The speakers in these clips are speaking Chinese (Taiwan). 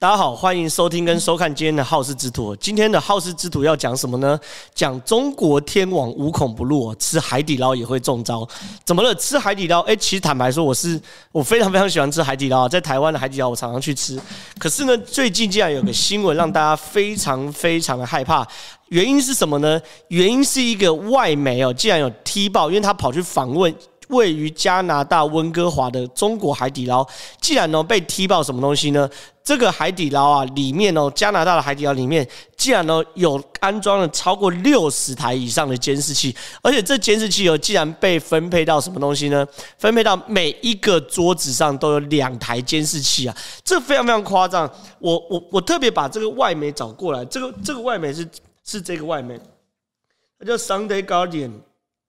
大家好，歡迎收聽跟收看今天的《皓事之徒》。今天的《皓事之徒》要講什麼呢？講中國天網無孔不入，吃海底撈也會中招。怎麼了？吃海底撈？誒？其實坦白說，我是我非常非常喜歡吃海底撈，在台灣的海底撈我常常去吃。可是呢，最近竟然有個新聞讓大家非常非常的害怕，原因是什麼呢？原因是一個外媒哦，竟然有踢爆，因為他跑去訪問位於加拿大溫哥華的中國海底撈，竟然呢被踢爆什麼東西呢？這個海底撈啊，裡面哦，加拿大的海底撈裡面，竟然呢、哦、有安裝了超過六十台以上的監視器，而且這監視器哦，竟然被分配到什麼東西呢？分配到每一個桌子上都有兩台監視器啊，這非常非常誇張。我我我特別把這個外媒找過來，這個這個外媒是是這個外媒，那叫 Sunday Guardian，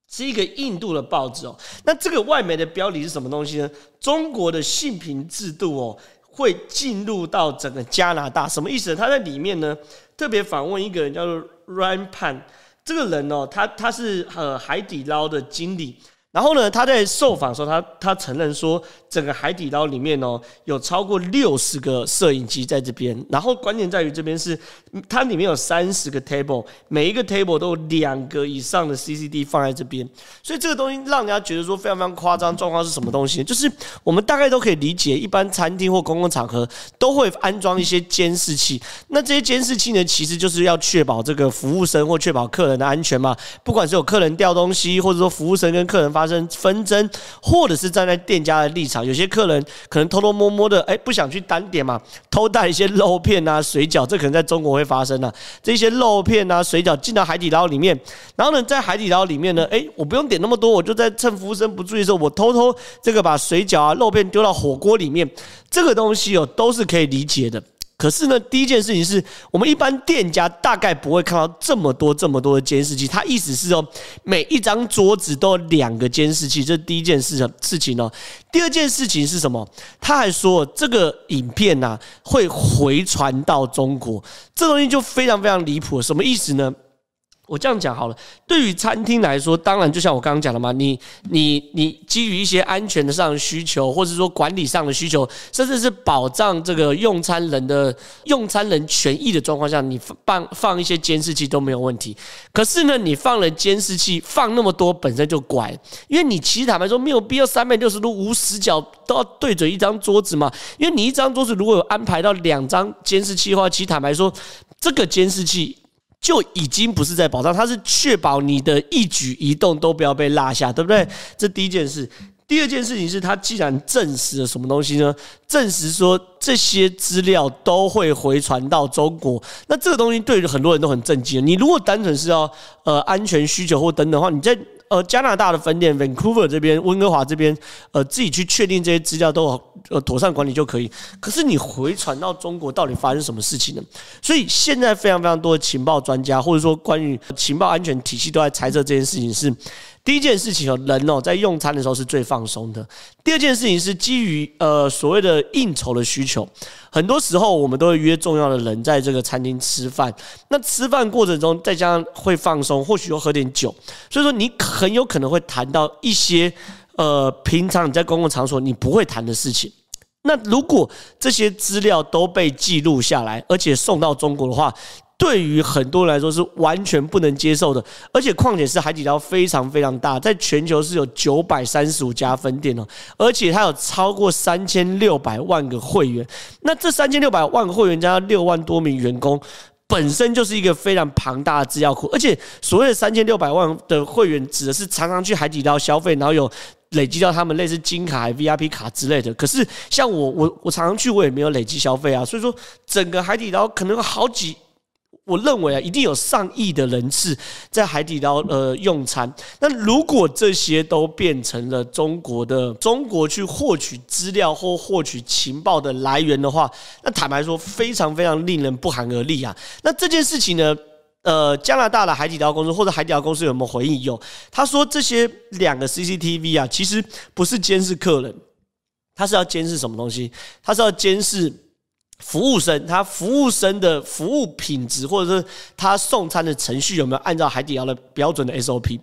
是一個印度的報紙哦。那這個外媒的標題是什麼東西呢？中國的信評制度哦。會進入到整個加拿大，什麼意思？他在裡面呢，特別訪問一個人叫做 Ryan Pan，這個人哦、喔，他他是呃海底撈的經理。然後呢，他在受訪的時候，他他承認說，整個海底撈裡面哦，有超過六十個攝影機在這邊。然後關鍵在於這邊是，它裡面有三十個 table，每一個 table 都有兩個以上的 CCD 放在這邊。所以這個東西讓人家覺得說非常非常誇張。狀況是什麼東西呢？就是我們大概都可以理解，一般餐廳或公共場合都會安裝一些監視器。那這些監視器呢，其實就是要確保這個服務生或確保客人的安全嘛。不管是有客人掉東西，或者說服務生跟客人發。發生紛爭，或者是站在店家的立場，有些客人可能偷偷摸摸的，哎，不想去單點嘛，偷帶一些肉片啊、水餃，這可能在中國會發生了。這些肉片啊、水餃進到海底撈裡面，然後呢，在海底撈裡面呢，哎，我不用點那麼多，我就在趁服務生不注意的時候，我偷偷這個把水餃啊、肉片丟到火鍋裡面，這個東西哦，都是可以理解的。可是呢，第一件事情是我們一般店家大概不會看到這麼多這麼多的監視器。他意思是說，哦，每一張桌子都有兩個監視器，這第一件事情事情哦。第二件事情是什麼？他還說這個影片啊會回傳到中國，這東西就非常非常離譜。什麼意思呢？我這樣講好了，對於餐廳來說，當然就像我剛剛講的嘛，你、你、你基於一些安全的上的需求，或者說管理上的需求，甚至是保障這個用餐人的用餐人權益的狀況下，你放放一些監視器都沒有問題。可是呢，你放了監視器，放那麼多本身就怪，因為你其實坦白說沒有必要三百六十度無死角都要對準一張桌子嘛。因為你一張桌子如果有安排到兩張監視器的話，其實坦白說，這個監視器。就已經不是在保障，它是確保你的一舉一動都不要被落下，對不對？這第一件事。第二件事情是，它既然證實了什麼東西呢？證實說這些資料都會回傳到中國，那這個東西對於很多人都很震驚。你如果單純是要呃安全需求或等等的話，你在。呃，加拿大的分店，Vancouver 這邊，溫哥華這邊，呃，自己去確定這些資料都好呃妥善管理就可以。可是你回傳到中國，到底發生什麼事情呢？所以現在非常非常多的情報專家，或者說關於情報安全體系，都在猜測這件事情是。第一件事情，人哦，在用餐的時候是最放鬆的。第二件事情是基於呃所謂的應酬的需求，很多時候我們都會約重要的人在這個餐廳吃飯。那吃飯過程中再加上會放鬆，或許又喝點酒，所以說你很有可能會談到一些呃平常你在公共場所你不會談的事情。那如果這些資料都被記錄下來，而且送到中國的話。對於很多人來說是完全不能接受的，而且況且是海底撈非常非常大，在全球是有九百三十五家分店哦，而且它有超過三千六百萬個會員，那這三千六百萬個會員加六萬多名員工，本身就是一個非常龐大的資料庫，而且所謂的三千六百萬的會員指的是常常去海底撈消費，然後有累積到他們類似金卡、VIP 卡之類的。可是像我，我我常常去，我也沒有累積消費啊，所以說整個海底撈可能有好幾。我認為啊，一定有上億的人次在海底撈呃用餐。那如果這些都變成了中國的中國去獲取資料或獲取情報的來源的話，那坦白說非常非常令人不寒而慄啊。那這件事情呢，呃，加拿大的海底撈公司或者海底撈公司有沒有回應？有，他說這些兩個 CCTV 啊，其實不是監視客人，他是要監視什麼東西？他是要監視。服務生，他服務生的服務品質，或者是他送餐的程序有沒有按照海底撈的標準的 SOP？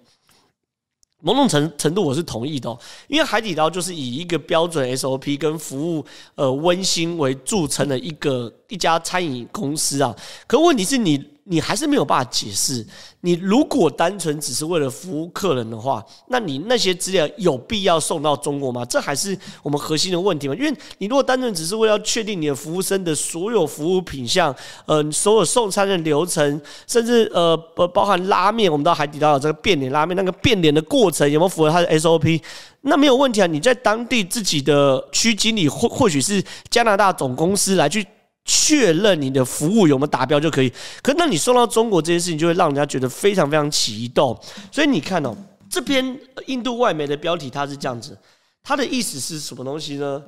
某種程程度，我是同意的哦，因為海底撈就是以一個標準 SOP 跟服務呃溫馨為著稱的一個一家餐飲公司啊。可問題是你。你還是沒有辦法解釋。你如果單純只是為了服務客人的話，那你那些資料有必要送到中國嗎？這還是我們核心的問題嗎？因為你如果單純只是為了確定你的服務生的所有服務品項，呃所有送餐的流程，甚至呃不包含拉麵，我們到海底撈的這個變臉拉麵，那個變臉的過程有沒有符合他的 SOP？那沒有問題啊。你在當地自己的區經理或或許是加拿大總公司來去。確認你的服務有沒有達標就可以。可那你送到中國這件事情，就會讓人家覺得非常非常激動。所以你看哦、喔，這篇印度外媒的標題它是這樣子，它的意思是什麼東西呢？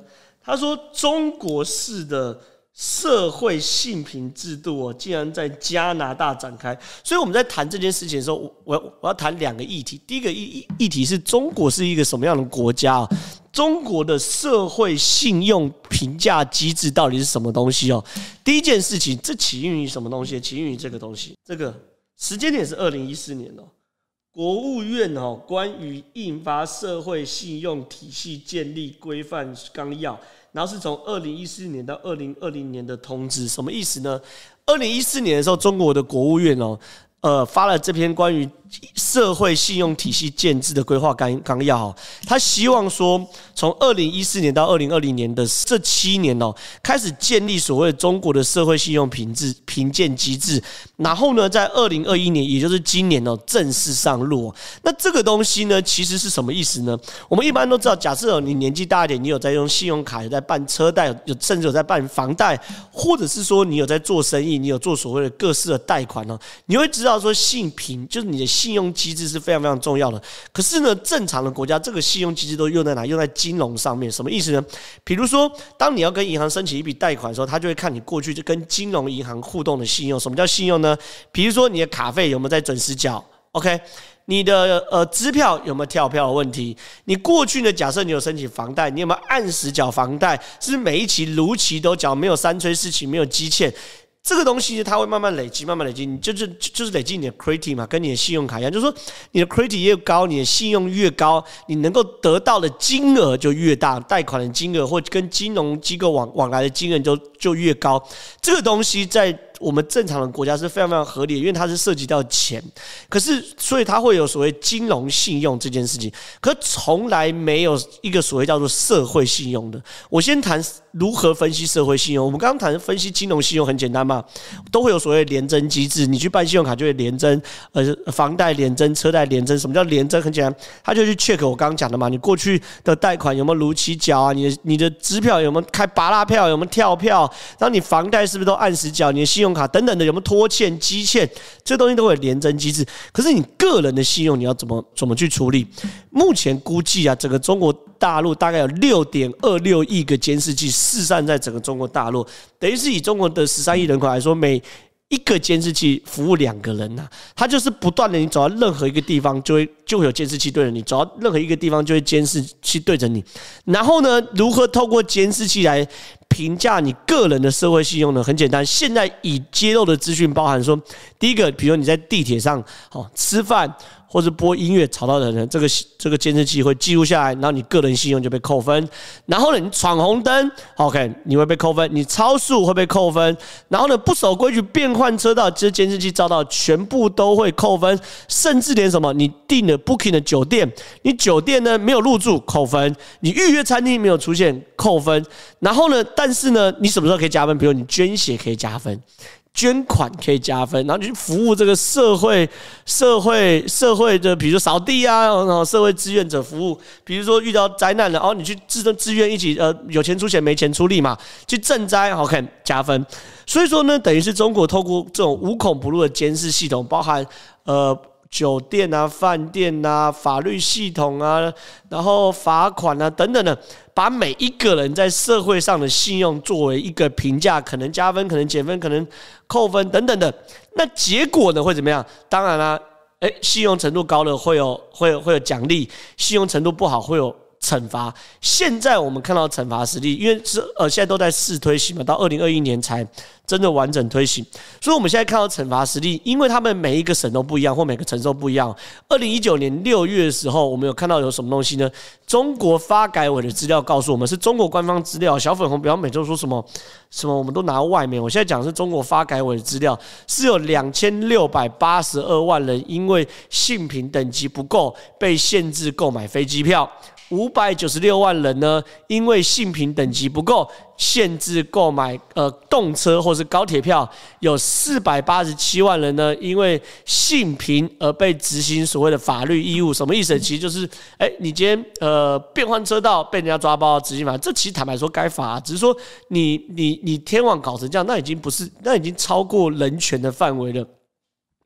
他說中國式的社會信評制度哦，竟然在加拿大展開。所以我們在談這件事情的時候，我我要談兩個議題。第一個議題是：中國是一個什麼樣的國家？中國的社會信用評價機制到底是什麼東西哦？第一件事情，這起因於什麼東西？起因於這個東西，這個時間點是二零一四年哦。國務院哦，關於印發《社會信用體系建立規範綱要》，然後是從二零一四年到二零二零年的通知，什麼意思呢？二零一四年的時候，中國的國務院哦，呃，發了這篇關於。社會信用體系建制的規劃綱綱要，他希望說，從二零一四年到二零二零年的這七年哦，開始建立所謂的中國的社會信用品質評鑑機制，然後呢，在二零二一年，也就是今年哦，正式上路。那這個東西呢，其實是什麼意思呢？我們一般都知道，假設你年紀大一點，你有在用信用卡，有在辦車貸，有甚至有在辦房貸，或者是說你有在做生意，你有做所謂的各式的貸款哦，你會知道說信評就是你的。信用機制是非常非常重要的，可是呢，正常的國家這個信用機制都用在哪？用在金融上面。什麼意思呢？比如說，當你要跟銀行申請一筆貸款的時候，他就會看你過去就跟金融銀行互動的信用。什麼叫信用呢？比如說你的卡費有沒有在準時繳？OK，你的呃支票有沒有跳票的問題？你過去呢？假設你有申請房貸，你有沒有按時繳房貸？是每一期如期都繳，沒有三催四請，沒有積欠。這個東西它會慢慢累積，慢慢累積，你就是就是累積你的 credit 嘛，跟你的信用卡一樣，就是說你的 credit 越高，你的信用越高，你能夠得到的金額就越大，貸款的金額或跟金融機構往往來的金額就就越高。這個東西在，我們正常的國家是非常非常合理，因為它是涉及到錢，可是所以它會有所謂金融信用這件事情，可從來沒有一個所謂叫做社會信用的。我先談如何分析社會信用。我們剛，剛談分析金融信用很簡單嘛，都會有所謂聯徵機制，你去辦信用卡就會聯徵呃，房貸聯徵車貸聯徵，什麼叫聯徵？很簡單，他就去 check 我剛剛講的嘛，你過去的貸款有沒有如期繳啊？你的你的支票有沒有開芭樂票？有沒有跳票？然後你房貸是不是都按時繳？你的信用卡等等的有沒有拖欠、積欠，這東西都會有聯徵機制。可是你個人的信用，你要怎麼怎麼去處理？目前估計啊，整個中國大陸大概有六點二六億個監視器，四散在整個中國大陸，等於是以中國的十三億人口來說，每一個監視器服務兩個人吶，它就是不斷的，你走到任何一個地方就會就會有監視器對着你，走到任何一個地方就會監視器對着你。然後呢，如何透過監視器來評價你個人的社會信用呢？很簡單，現在已揭露的資訊包含說，第一個，比如你在地鐵上哦吃飯。或者播音樂吵到的人，這個這個監視器會記錄下來，然後你個人信用就被扣分。然後呢，你闖紅燈，OK，你會被扣分；你超速會被扣分。然後呢，不守規矩變換車道，這些監視器照到，全部都會扣分。甚至連什麼，你訂了 Booking 的酒店，你酒店呢沒有入住扣分；你預約餐廳沒有出現扣分。然後呢，但是呢，你什麼時候可以加分？比如你捐血可以加分。捐款可以加分，然後你去服務這個社會、社會、社會的，比如說掃地啊，然後社會志願者服務，比如說遇到災難了，然、哦、你去自自自願一起，呃，有錢出錢，沒錢出力嘛，去賑災，好、哦、看加分。所以說呢，等於是中國透過這種無孔不入的監視系統，包含呃。酒店啊、飯店啊、法律系統啊，然後罰款啊等等的，把每一個人在社會上的信用作為一個評價，可能加分、可能減分、可能扣分等等的。那結果呢，會怎麼樣？當然啦、啊，誒，信用程度高了會有、會有、會有會有獎勵；信用程度不好會有。懲罰，現在我們看到懲罰實力，因為是呃現在都在試推行嘛，到二零二一年才真的完整推行。所以，我們現在看到懲罰實力，因為他們每一個省都不一樣，或每個城市都不一樣。二零一九年六月的時候，我們有看到有什麼東西呢？中國發改委的資料告訴我們，是中國官方資料。小粉紅不要每周說什麼什麼，我們都拿到外面。我現在講的是中國發改委的資料，是有兩千六百八十二萬人因為信評等級不夠被限制購買飛機票。五百九十六萬人呢，因為信評等級不夠，限制購買呃動車或是高鐵票；有四百八十七萬人呢，因為信評而被執行所謂的法律義務，什麼意思？其實就是，誒，你今天呃變換車道被人家抓包執行法。這其實坦白說該罰，啊，只是說你你你天網搞成這樣，那已經不是，那已經超過人權的範圍了。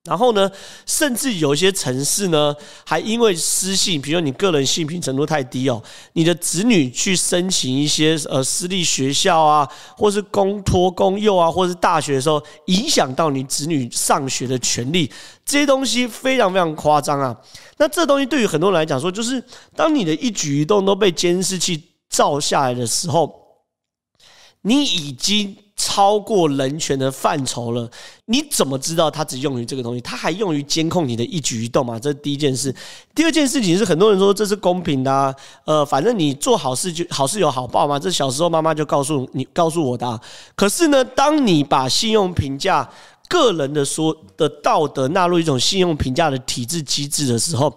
然後呢，甚至有一些城市呢，還因為失信，比如說你個人信評程度太低哦，你的子女去申請一些呃私立學校啊，或是公托、公幼啊，或是大學的時候，影響到你子女上學的權利，這些東西非常非常誇張啊。那這東西對於很多人來講說，就是當你的一舉一動都被監視器照下來的時候，你已經超過人權的範疇了，你怎麼知道它只用於這個東西？它還用於監控你的一舉一動嘛？這是第一件事。第二件事情是，很多人說這是公平的啊，呃，反正你做好事就好事有好報嘛。這小時候媽媽就告訴你、告訴我的啊。可是呢，當你把信用評價個人的說的道德納入一種信用評價的體制機制的時候，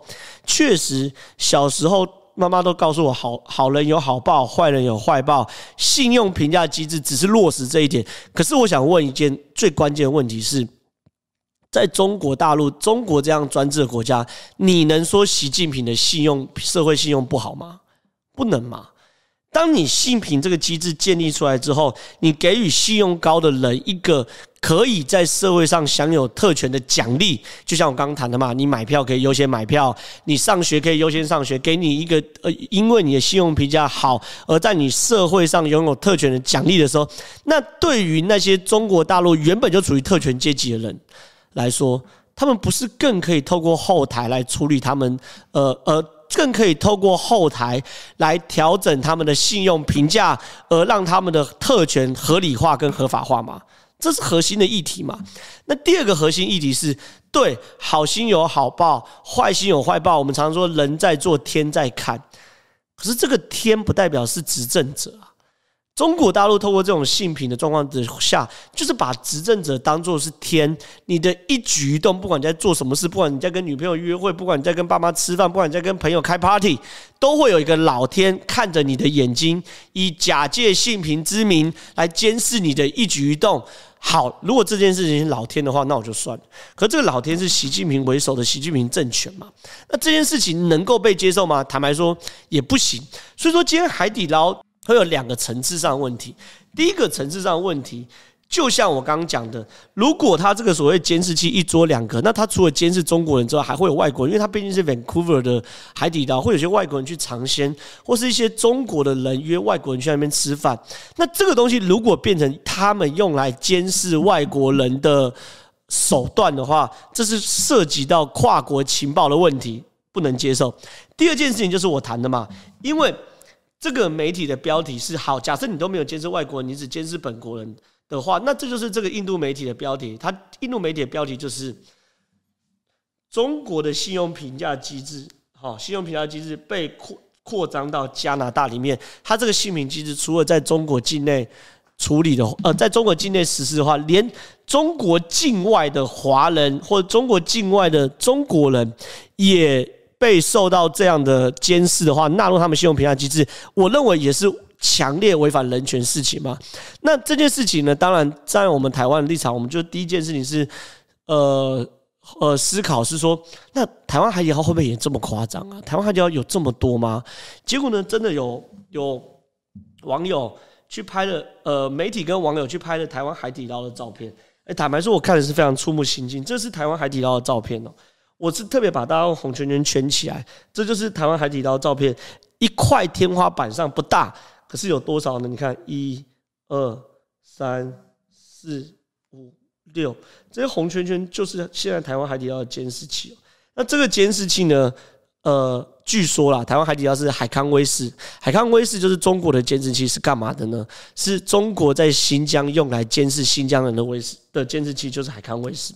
確實小時候。媽媽都告訴我好，好好人有好報，壞人有壞報。信用評價機制只是落實這一點，可是我想問一件最關鍵的問題是，在中國大陸、中國這樣專制的國家，你能說習近平的信用、社會信用不好嗎？不能嗎？當你信評這個機制建立出來之後，你給予信用高的人一個可以在社會上享有特權的獎勵，就像我剛剛談的嘛，你買票可以優先買票，你上學可以優先上學，給你一個呃，因為你的信用評價好，而在你社會上擁有特權的獎勵的時候，那對於那些中國大陸原本就處於特權階級的人來說，他們不是更可以透過後台來處理他們呃呃？更可以透過後台來調整他們的信用評價，而讓他們的特權合理化跟合法化嗎？這是核心的議題嘛。那第二個核心議題是對好心有好報，壞心有壞報。我們常說人在做，天在看。可是這個天不代表是執政者啊。中國大陸透過這種性平的狀況之下，就是把執政者當作是天，你的一舉一動，不管你在做什麼事，不管你在跟女朋友約會，不管你在跟爸媽吃飯，不管你在跟朋友開 party，都會有一個老天看着你的眼睛，以假借性平之名來監視你的一舉一動。好，如果這件事情是老天的話，那我就算了。可這個老天是習近平為首的習近平政權嘛？那這件事情能夠被接受嗎？坦白說也不行。所以說今天海底撈。會有兩個層次上的問題。第一個層次上的問題，就像我剛剛講的，如果他這個所謂監視器一桌兩個，那他除了監視中國人之外，還會有外國人。因為他畢竟是 Vancouver 的海底撈，會有些外國人去嘗鮮，或是一些中國的人約外國人去那邊吃飯。那這個東西如果變成他們用來監視外國人的手段的話，這是涉及到跨國情報的問題，不能接受。第二件事情就是我談的嘛，因為。這個媒體的標題是好，假設你都沒有監視外國人，你只監視本國人的話，那這就是這個印度媒體的標題。它印度媒體的標題就是中國的信用評價機制，好，信用評價機制被擴擴張到加拿大裡面。它這個信用機制除了在中國境內處理的，呃，在中國境內實施的話，連中國境外的華人或者中國境外的中國人也被受到這樣的監視的話，納入他們信用評價機制，我認為也是強烈違反人權事情嘛。那這件事情呢，當然在我們台灣的立場，我們就第一件事情是，呃呃，思考是說，那台灣海底撈會不會也這麼誇張啊？台灣海底撈有這麼多嗎？結果呢，真的有有網友去拍了，呃，媒體跟網友去拍了台灣海底撈的照片。哎，坦白說，我看的是非常觸目心驚，這是台灣海底撈的照片哦。我是特別把大家用紅圈圈圈圈起來，這就是台灣海底撈照片，一塊天花板上不大，可是有多少呢？你看，一、二、三、四、五、六，這些紅圈圈就是現在台灣海底撈的監視器。那這個監視器呢？呃，據說啦，台灣海底撈是海康威視，海康威視就是中國的監視器，是幹嘛的呢？是中國在新疆用來監視新疆人的威視的監視器，就是海康威視。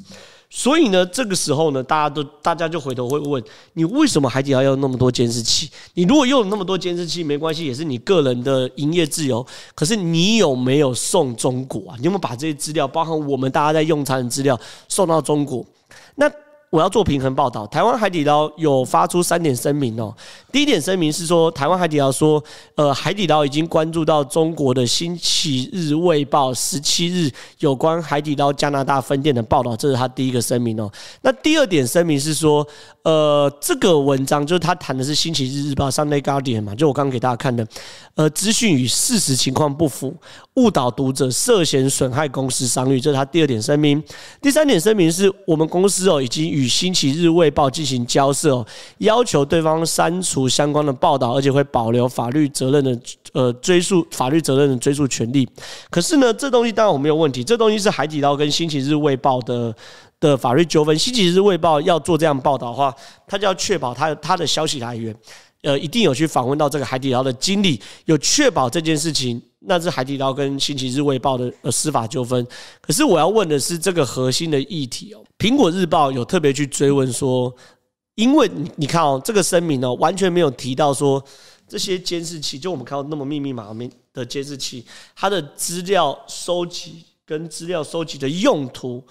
所以呢，這個時候呢，大家都大家就回頭會問你，為什麼海底撈要那麼多監視器？你如果用了那麼多監視器，沒關係，也是你個人的營業自由。可是你有沒有送中國啊？你有沒有把這些資料，包含我們大家在用餐的資料，送到中國？那。我要做平衡報道。台灣海底撈有發出三點聲明哦。第一點聲明是說，台灣海底撈說，呃，海底撈已經關注到中國的《星期日衛報》十七日有關海底撈加拿大分店的報道，這是他第一個聲明哦。那第二點聲明是說，呃，這個文章就是他談的是《星期日日報》Sunday Guardian 嘛，就我剛剛給大家看的，呃，資訊與事實情況不符，誤導讀者，涉嫌損害公司商譽，這是他第二點聲明。第三點聲明是我們公司哦，已經與與星期日衛報進行交涉，哦，要求對方刪除相關的報道，而且會保留法律責任的呃追訴法律責任的追訴權利。可是呢，這東西當然我沒有問題，這東西是海底撈跟星期日衛報的的法律糾紛。星期日衛報要做這樣報道的話，他就要確保他他的消息來源。呃，一定有去訪問到這個海底撈的經理，有確保這件事情，那是海底撈跟《星期日衛報》的、呃、司法糾紛。可是我要問的是這個核心的議題哦，蘋果日報有特別去追問說，因為你看哦，這個聲明哦，完全沒有提到說這些監視器，就我們看到那麼密密麻麻的監視器，它的資料收集跟資料收集的用途，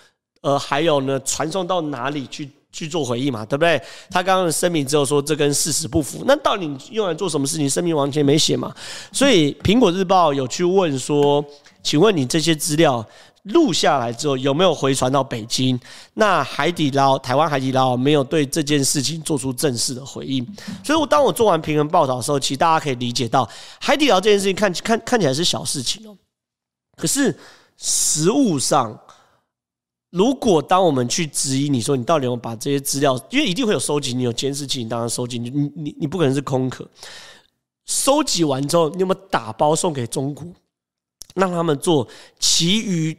呃，還有呢，傳送到哪裡去？去做回應嘛，對不對？他剛剛聲明之後說這跟事實不符，那到底你用來做什麼事情？聲明完全沒寫嘛。所以《蘋果日報》有去問說：“請問你這些資料錄下來之後有沒有回傳到北京？”那海底撈，台灣海底撈沒有對這件事情做出正式的回應。所以，我當我做完平衡報道的時候，其實大家可以理解到，海底撈這件事情看看看起來是小事情哦，可是實務上。如果當我們去質疑你說你到底有沒有把這些資料，因為一定會有收集，你有監視器，你當然收集，你你你不可能是空殼。收集完之後，你有沒有打包送給中國，讓他們做其餘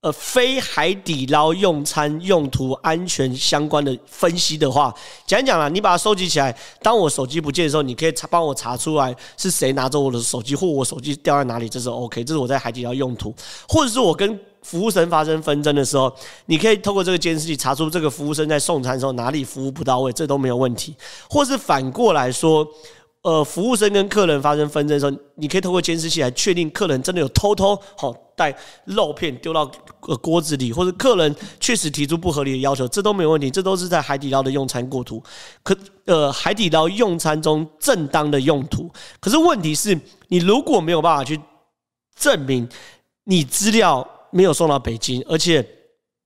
呃非海底撈用餐用途安全相關的分析的話，講一講啦，你把它收集起來。當我手機不見的時候，你可以查幫我查出來是誰拿着我的手機，或我手機掉在哪裡，這是 OK，這是我在海底撈用途，或者是我跟，服務生發生紛爭的時候，你可以透過這個監視器查出這個服務生在送餐的時候哪裡服務不到位，這都沒有問題。或是反過來說，呃，服務生跟客人發生紛爭的時候，你可以透過監視器來確定客人真的有偷偷好帶肉片丟到呃鍋子裡，或者客人確實提出不合理的要求，這都沒有問題。這都是在海底撈的用餐過程。可呃，海底撈用餐中正當的用途。可是問題是，你如果沒有辦法去證明你資料。沒有送到北京，而且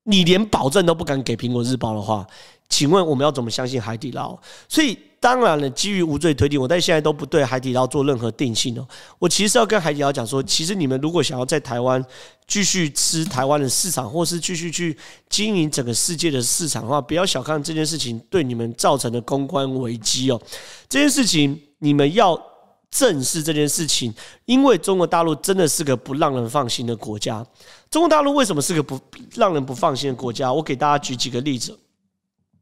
你連保證都不敢給《蘋果日報》的話，請問我們要怎麼相信海底撈？所以當然了，基於無罪推定，我在現在都不對海底撈做任何定性哦。我其實是要跟海底撈講說，其實你們如果想要在台灣繼續吃台灣的市場，或是繼續去經營整個世界的市場的話，不要小看這件事情對你們造成的公關危機哦。這件事情，你們要。正視這件事情，因為中國大陸真的是個不讓人放心的國家。中國大陸為什麼是個不讓人不放心的國家？我給大家舉幾個例子。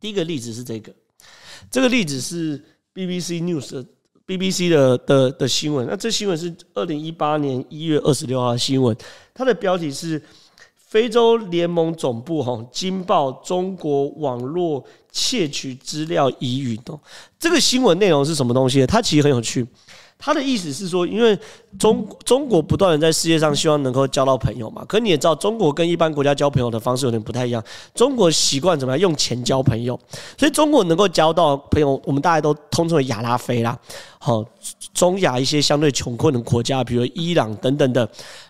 第一個例子是這個，這個例子是 BBC News，BBC 的的的的新聞。那這新聞是二零一八年一月二十六號新聞，它的標題是“非洲聯盟總部哈驚爆中國網絡竊取資料疑雲”。哦，這個新聞內容是什麼東西？它其實很有趣。他的意思是說，因為中中國不斷的在世界上希望能夠交到朋友嘛，可你也知道，中國跟一般國家交朋友的方式有點不太一樣，中國習慣怎麼樣，用錢交朋友，所以中國能夠交到朋友，我們大概都通稱為亞拉非啦，好，中亞一些相對窮困的國家，比如伊朗等等的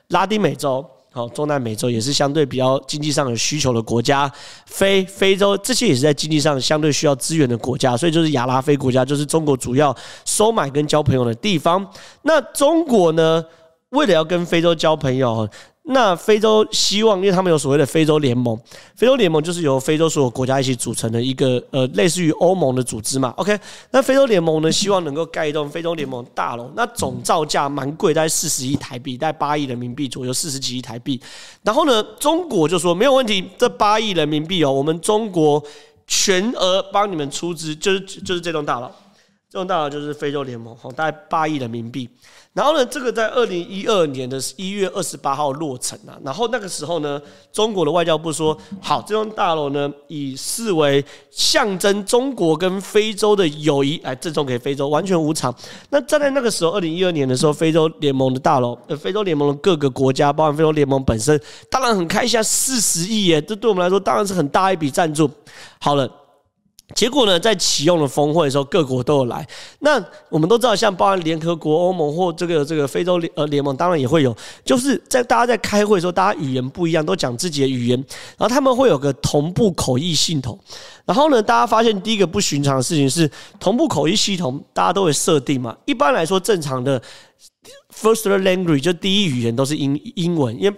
拉丁美洲，好，中南美洲也是相對比較經濟上有需求的國家，非非洲這些也是在經濟上相對需要資源的國家，所以就是亞拉非國家，就是中國主要收買跟交朋友的地方。那中國呢，為了要跟非洲交朋友。那非洲希望，因為他們有所謂的非洲聯盟，非洲聯盟就是由非洲所有國家一起組成的一個呃類似於歐盟的組織嘛。OK，那非洲聯盟呢，希望能夠蓋一棟非洲聯盟大樓，那總造價蠻貴，大概四十億台幣，大概八億人民幣左右，四十幾億台幣。然後呢，中國就說沒有問題，這八億人民幣哦，我們中國全額幫你們出資，就是就是這棟大樓，這棟大樓就是非洲聯盟，哦，大概八億人民幣。然後呢，這個在二零一二年的一月二十八號落成啊。然後那個時候呢，中國的外交部說，好，這棟大樓呢，以視為象徵中國跟非洲的友誼，來贈送給非洲，完全無償。那站在那個時候，二零一二年的時候，非洲聯盟的大樓，呃，非洲聯盟的各個國家，包含非洲聯盟本身，當然很開心，啊，四十億耶，這對我們來說當然是很大一筆贊助。好了。結果呢，在啟用了峰會的時候，各國都有來。那我們都知道，像包含聯合國、歐盟或這個這個非洲呃聯盟，當然也會有。就是在大家在開會的時候，大家語言不一樣，都講自己的語言，然後他們會有個同步口譯系統。然後呢，大家發現第一個不尋常的事情是，同步口譯系統大家都會設定嘛，一般來說，正常的 first language 就第一語言都是英英文，因為。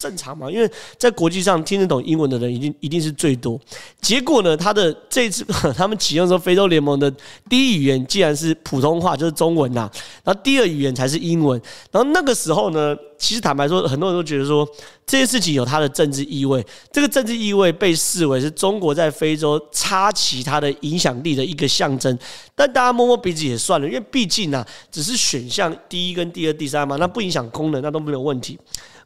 正常嘛，因為在國際上聽得懂英文的人一定一定是最多。結果呢，他的這次他們啟用說非洲聯盟的第一語言既然是普通話，就是中文吶，然後第二語言才是英文。然後那個時候呢，其實坦白說，很多人都覺得說這些事情有它的政治意味，這個政治意味被視為是中國在非洲插旗它的影響力的一個象徵。但大家摸摸鼻子也算了，因為畢竟呢、啊，只是選項第一跟第二、第三嘛，那不影響功能，那都沒有問題。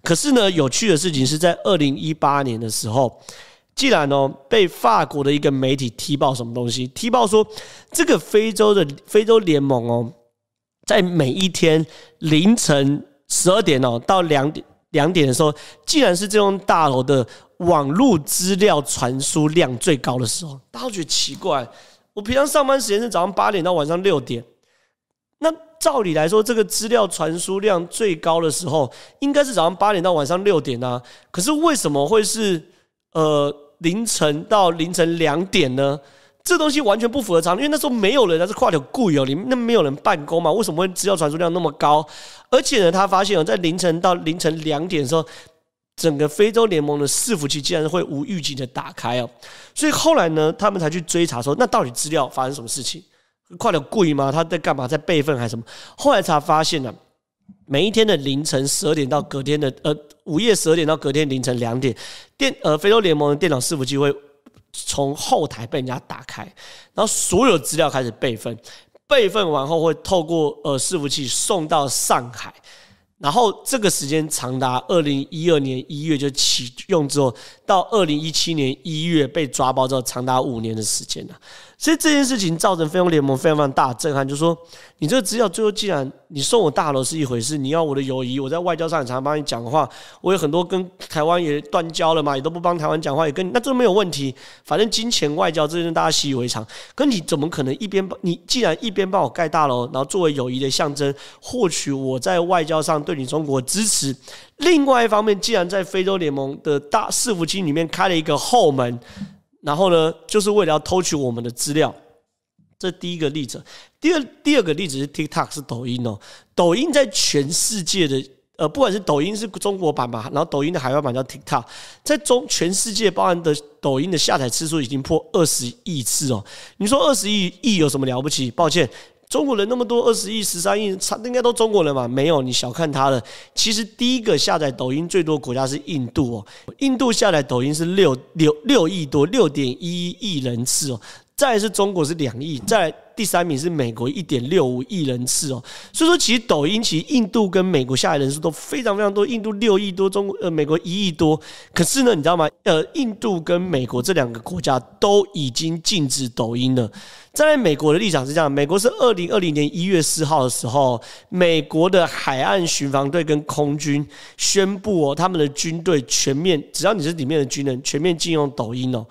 可是呢，有趣的事情是在二零一八年的時候，竟然哦被法國的一個媒體踢爆什麼東西？踢爆說這個非洲的非洲聯盟哦，在每一天凌晨十二點哦到兩兩點的時候，竟然是這棟大樓的網絡資料傳輸量最高的時候。大家覺得奇怪，我平常上班時間是早上八點到晚上六點。照理來說，這個資料傳輸量最高的時候應該是早上八點到晚上六點啊。可是為什麼會是呃凌晨到凌晨兩點呢？這個、東西完全不符合常理，因為那時候沒有人，他是跨鐵固有，你那沒有人辦公嘛，為什麼會資料傳輸量那麼高？而且呢，他發現哦，在凌晨到凌晨兩點的時候，整個非洲聯盟的伺服器竟然會無預警的打開哦。所以後來呢，他們才去追查說，那到底資料發生什麼事情？快了貴嗎？他在幹嘛？在備份還是什麼？後來才發現呢，每一天的凌晨十二點到隔天的呃午夜十二點到隔天凌晨兩點，電呃非洲聯盟的電腦伺服器會從後台被人家打開，然後所有資料開始備份。備份完後會透過呃伺服器送到上海，然後這個時間長達二零一二年一月就啟用之後，到二零一七年一月被抓包之後，長達五年的時間呢，啊。所以這件事情造成非洲聯盟非常非常大震撼，就是說你這個資料最後既然，你送我大樓是一回事，你要我的友誼，我在外交上也常常幫你講話，我有很多跟台灣也斷交了嘛，也都不幫台灣講話，也跟那這沒有問題，反正金錢外交這些大家習以為常。可你怎麼可能一邊你既然一邊幫我蓋大樓，然後作為友誼的象徵獲取我在外交上對你中國的支持，另外一方面竟然在非洲聯盟的大伺服器裡面開了一個後門。然後呢，就是為了要偷取我們的資料，這第一個例子。第二第二個例子是 TikTok，是抖音哦。抖音在全世界的呃，不管是抖音是中國版嘛，然後抖音的海外版叫 TikTok，在中全世界包含的抖音的下載次數已經破二十億次哦。你說二十億億有什麼了不起？抱歉。中國人那麼多，二十億、十三億，差應該都中國人嘛。沒有，你小看他了。其實第一個下載抖音最多國家是印度哦，印度下載抖音是六六六億多，六點一億人次哦。再來是中國是兩億，再來第三名是美國一點六五億人次哦，所以說其實抖音其實印度跟美國下載人數都非常非常多，印度六億多，中國呃美國一億多，可是呢你知道嗎？呃，印度跟美國這兩個國家都已經禁止抖音了。站在美國的立場是這樣，美國是二零二零年一月四號的時候，美國的海岸巡防隊跟空軍宣布哦，他們的軍隊全面，只要你是裡面的軍人，全面禁用抖音哦。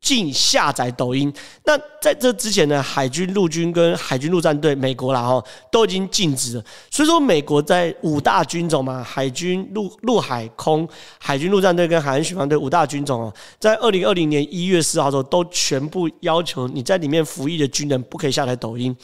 禁下載抖音。那在這之前呢，海軍、陸軍跟海軍陸戰隊，美國啦哈，都已經禁止了。所以說，美國在五大軍種嘛，海軍陸、陸、陸海空、海軍陸戰隊跟海岸巡防隊五大軍種哦，在二零二零年一月四號的時候，都全部要求你在裡面服役的軍人不可以下載抖音。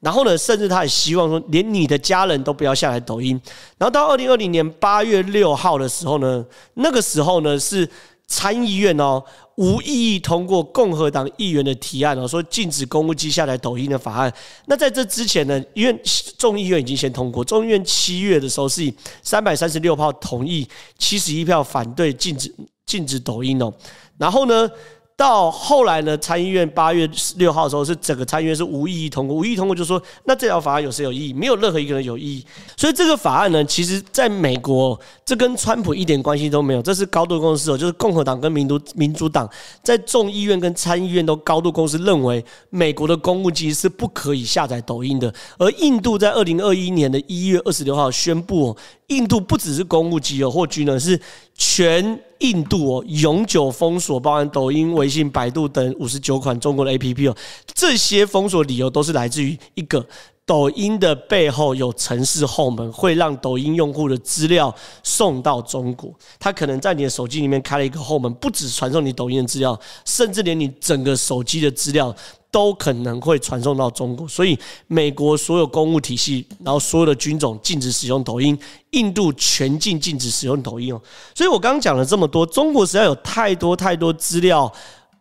然後呢，甚至他也希望說，連你的家人都不要下載抖音。然後到二零二零年八月六號的時候呢，那個時候呢是。參議院哦、喔，無異議通過共和黨議員的提案哦、喔，說禁止公務機下載抖音的法案。那在這之前呢，因為眾議院已經先通過，眾議院七月的時候是以三百三十六票同意，七十一票反對禁止禁止抖音哦、喔。然後呢？到後來呢，參議院八月六號的時候，是整個參議院是無異議通過，無異議通過就是說，那這條法案有誰有異議？沒有任何一個人有異議。所以這個法案呢，其實在美國，這跟川普一點關係都沒有，這是高度共識哦，就是共和黨跟民主民主黨在眾議院跟參議院都高度共識，認為美國的公務機是不可以下載抖音的。而印度在二零二一年的一月二十六號宣布，印度不只是公務機有或居呢，是全。印度哦，永久封鎖包含抖音、微信、百度等五十九款中國的 APP 哦，這些封鎖理由都是來自於一個。抖音的背後有城市後門，會讓抖音用戶的資料送到中國。它可能在你的手機裡面開了一個後門，不只傳送你抖音的資料，甚至連你整個手機的資料都可能會傳送到中國。所以，美國所有公務體系，然後所有的軍種禁止使用抖音，印度全境禁，禁止使用抖音哦。所以我剛剛講了這麼多，中國實在有太多太多資料。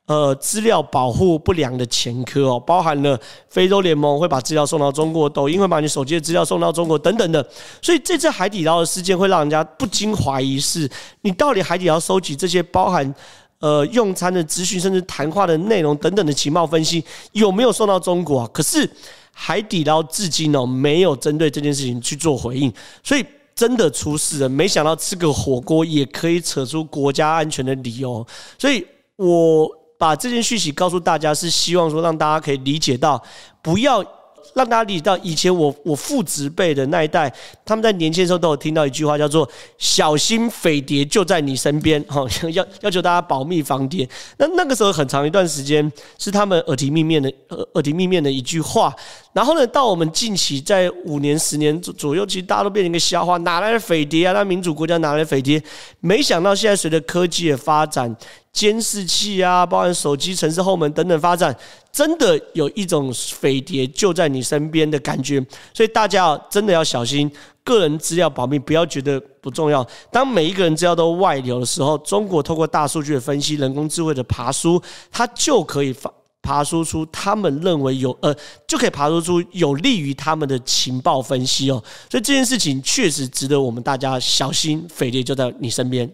呃，資料保護不良的前科哦，包含了非洲聯盟會把資料送到中國，抖音會把你手機的資料送到中國等等的，所以這次海底撈的事件會讓人家不禁懷疑是：是你到底海底撈收集這些包含呃用餐的資訊，甚至談話的內容等等的情報分析有沒有送到中國啊？可是海底撈至今哦沒有針對這件事情去做回應，所以真的出事了。沒想到吃個火鍋也可以扯出國家安全的理由，所以我，把這件訊息告訴大家，是希望說讓大家可以理解到，不要讓大家理解到以前我我父執輩的那一代，他們在年輕的時候都有聽到一句話，叫做“小心匪諜就在你身邊”，哈，要要求大家保密防諜。那那個時候很長一段時間，是他們耳提面命的耳耳提面命的一句話。然後呢，到我們近期在五年、十年左右，其實大家都變成一個笑話：哪來的匪諜啊？那民主國家哪來的匪諜？沒想到現在隨着科技的發展，監視器啊，包含手機、城市後門等等發展，真的有一種匪諜就在你身邊的感覺。所以大家、哦、真的要小心個人資料保密，不要覺得不重要。當每一個人資料都外流的時候，中國透過大數據的分析、人工智慧的爬梳，它就可以發。爬梳出，他們認為有呃，就可以爬梳出有利於他們的情報分析哦。所以這件事情確實值得我們大家小心，匪諜就在你身邊。